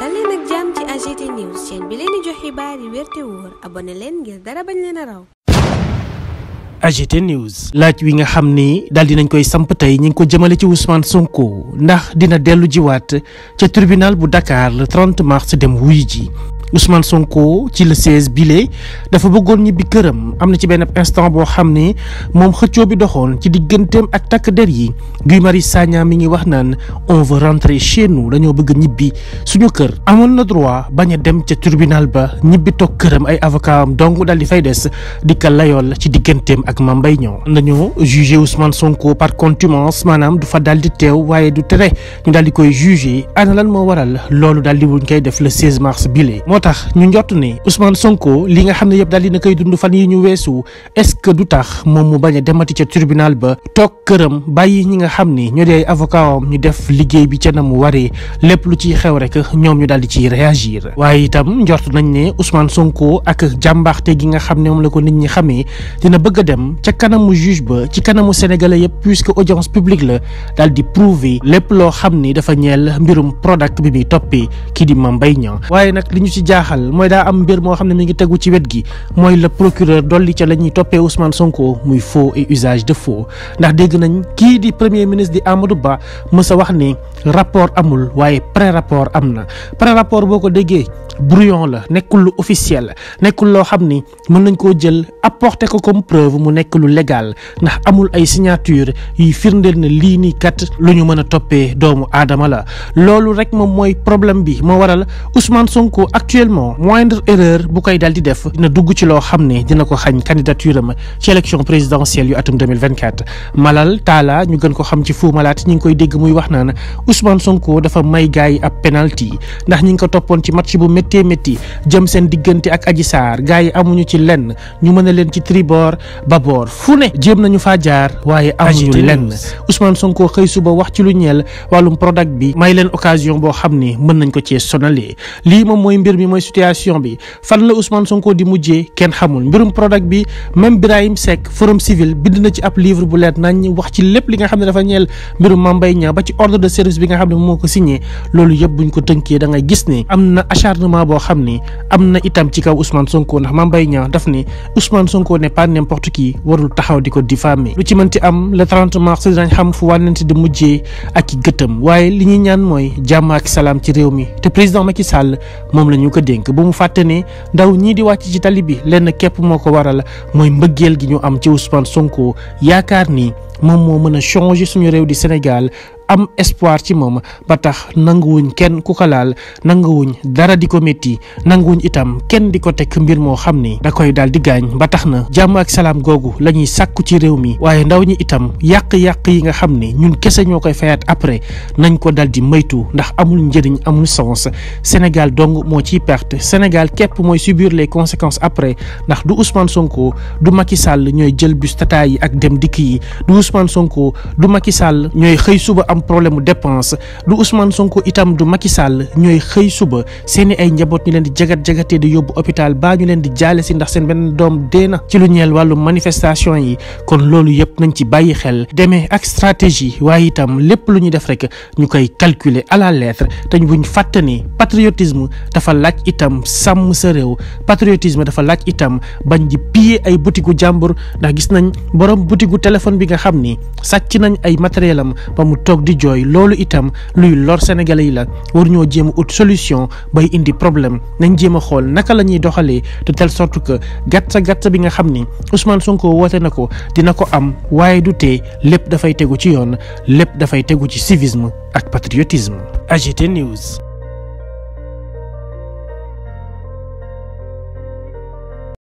dal leen ak jàmm ci AGT news chaîne yi laaj wi nga xam ni daal nañ koy samp tey ñi ngi ko jëmale ci Ousmane Sonko ndax dina dellu jiwaat ca tribunal bu Dakar le 30 mars dem wuy ji. Ousmane Sonko ci le 16 bile dafa bëggoon ñibbi këram am na ci benn instant boo xam ne moom xëccoo bi doxoon ci digganteem ak takk der yi Guy Marius Sagna mi ngi wax naan on veut rentrer chez nous dañoo bëgg ñibbi suñu kër. amoon na droit bañ a dem ca tribunal ba ñibbi toog këram ay avocat am daal di fay des di ka layool ci digganteem ak Mame Mbaye Niang. nañoo jugé Ousmane Sonko par contumace maanaam du fa daal di teew waaye du tere ñu daal di koy jugé ana lan moo waral loolu daal di wuñ koy def le 16 mars bile. tax ñu njott ne Ousmane Sonko li nga xam ne yëpp daal dina koy dund fan yi ñu weesu est-ce que du tax moom mu bañ a demati ca tribunal ba toog këram bàyyi ñi nga xam ne ñoo di ay avocat am ñu def liggéey bi ca na mu waree lépp lu ciy xew rek ñoom ñu daal di ciy réagir waaye itam njort nañ ne Ousmane Sonko ak jàmbaaxte gi nga xam ne moom la ko nit ñi xamee dina bëgg dem ca kanamu juge ba ci kanamu sénégale yëpp puisque audience publique la daal di prouver lépp loo xam ni dafa ñeel mbirum Prodac bi muy kii di Mame Mbaye jaaxal mooy daa am mbir moo xam ne mi ngi tegu ci wet gi mooy le procureur dolli ca la ñuy toppee Ousmane Sonko muy faux et usage de faux ndax dégg nañ kii di premier ministre di Amadou Ba mës wax ni rapport amul waaye pré rapport am na pré rapport boo ko déggee brouillon la nekkul lu officiel nekkul loo xam ni mën nañ koo jël apporter ko comme preuve mu nekk lu légal ndax amul ay signature yuy firndeel na lii nii kat lu ñu mën a toppee doomu aadama la loolu rek moom mooy problème bi moo waral Ousmane Sonko actuellement moindre erreur bu koy dal di def na dugg ci loo xam ne dina ko xañ candidature am ci élection présidentielle yu atum 2024 Malal Talla ñu gën ko xam ci Fou Malade ñi ngi koy dégg muy wax naan Ousmane Sonko dafa may gaay ab penalty ndax ñi ngi méttee métti jëm seen diggante ak Adji Sarr gars yi amuñu ci lenn ñu mën a leen ci tribord babord fu ne jéem nañu faa jaar waaye amuñu lenn Ousmane Sonko xëy suba wax ci lu ñeel wàllum Prodac bi may leen occasion boo xam ne mën nañ ko cee sonalee lii moom mooy mbir mi mooy situation bi fan la Ousmane Sonko di mujjee kenn xamul mbirum Prodac bi même Birahim Seck forum bind na ci ab livre bu leer nañ wax ci lépp li nga xam ne dafa ñeel mbirum Mame Mbaye Niang ba ci ordre de service bi nga xam ne moo ko signé loolu yëpp buñ ko tënkee da ngay gis ne am na acharnement moment boo xam am na itam ci kaw Ousmane Sonko ndax Mame Mbaye Niang daf ni Ousmane Sonko n'est n'importe qui warul taxaw di ko diffamer lu ci mënti am le 30 mars dinañ xam fu wànnante di mujjee ak i gëtëm waaye li ñuy ñaan mooy jàmm salaam ci réew mi te président ma Macky Sall moom la ñu ko dénk bu mu fàtte ne ndaw ñii di wàcc ci tali bi lenn képp moo ko waral mooy mbëggeel gi ñu am ci Ousmane Sonko yaakaar ni moom moo mën a changer suñu réew di Sénégal am espoir ci moom ba tax nanguwuñ kenn ku ko laal nanguwuñ dara di ko métti nanguwuñ itam kenn di ko teg mbir moo xam ni da koy dal di gaañ ba tax na jàmm ak salaam googu la ñuy sàkku ci réew mi waaye ndaw ñi itam yàq-yàq yi nga xam ni ñun kese ñoo koy fayaat après nañ ko dal di maytu ndax amul njëriñ amul sens Sénégal dong moo ciy perte Sénégal képp mooy subir les conséquences après ndax du Ousmane Sonko du Macky Sall ñooy jël bus tata yi ak dem dikk yi am problème mu dépense du Ousmane Sonko itam du Macky Sall ñooy xëy suba seeni ay njaboot ñu leen di jagat jagatee di yóbbu hôpital baa ñu leen di jaale si ndax seen benn doom dee na ci lu ñeel wàllu manifestation yi kon loolu yëpp nañ ci bàyyi xel demee ak stratégie waaye itam lépp lu ñuy def rek ñu koy calculer à la lettre te buñ fàtte ni patriotisme dafa laaj itam sàmm sa réew patriotisme dafa laaj itam bañ di piller ay butigu jàmbur ndax gis nañ borom bi nga xam ni di jooy loolu itam luy lor sénégalais yi la war ñoo jéema a ut solution bay indi problème nañ jéem a xool naka la ñuy doxalee te telle sorte que gàtta gàtta bi nga xam ni Ousmane Sonko woote na ko dina ko am waaye du tee lépp dafay tegu ci yoon lépp dafay tegu ci civisme ak patriotisme AGT News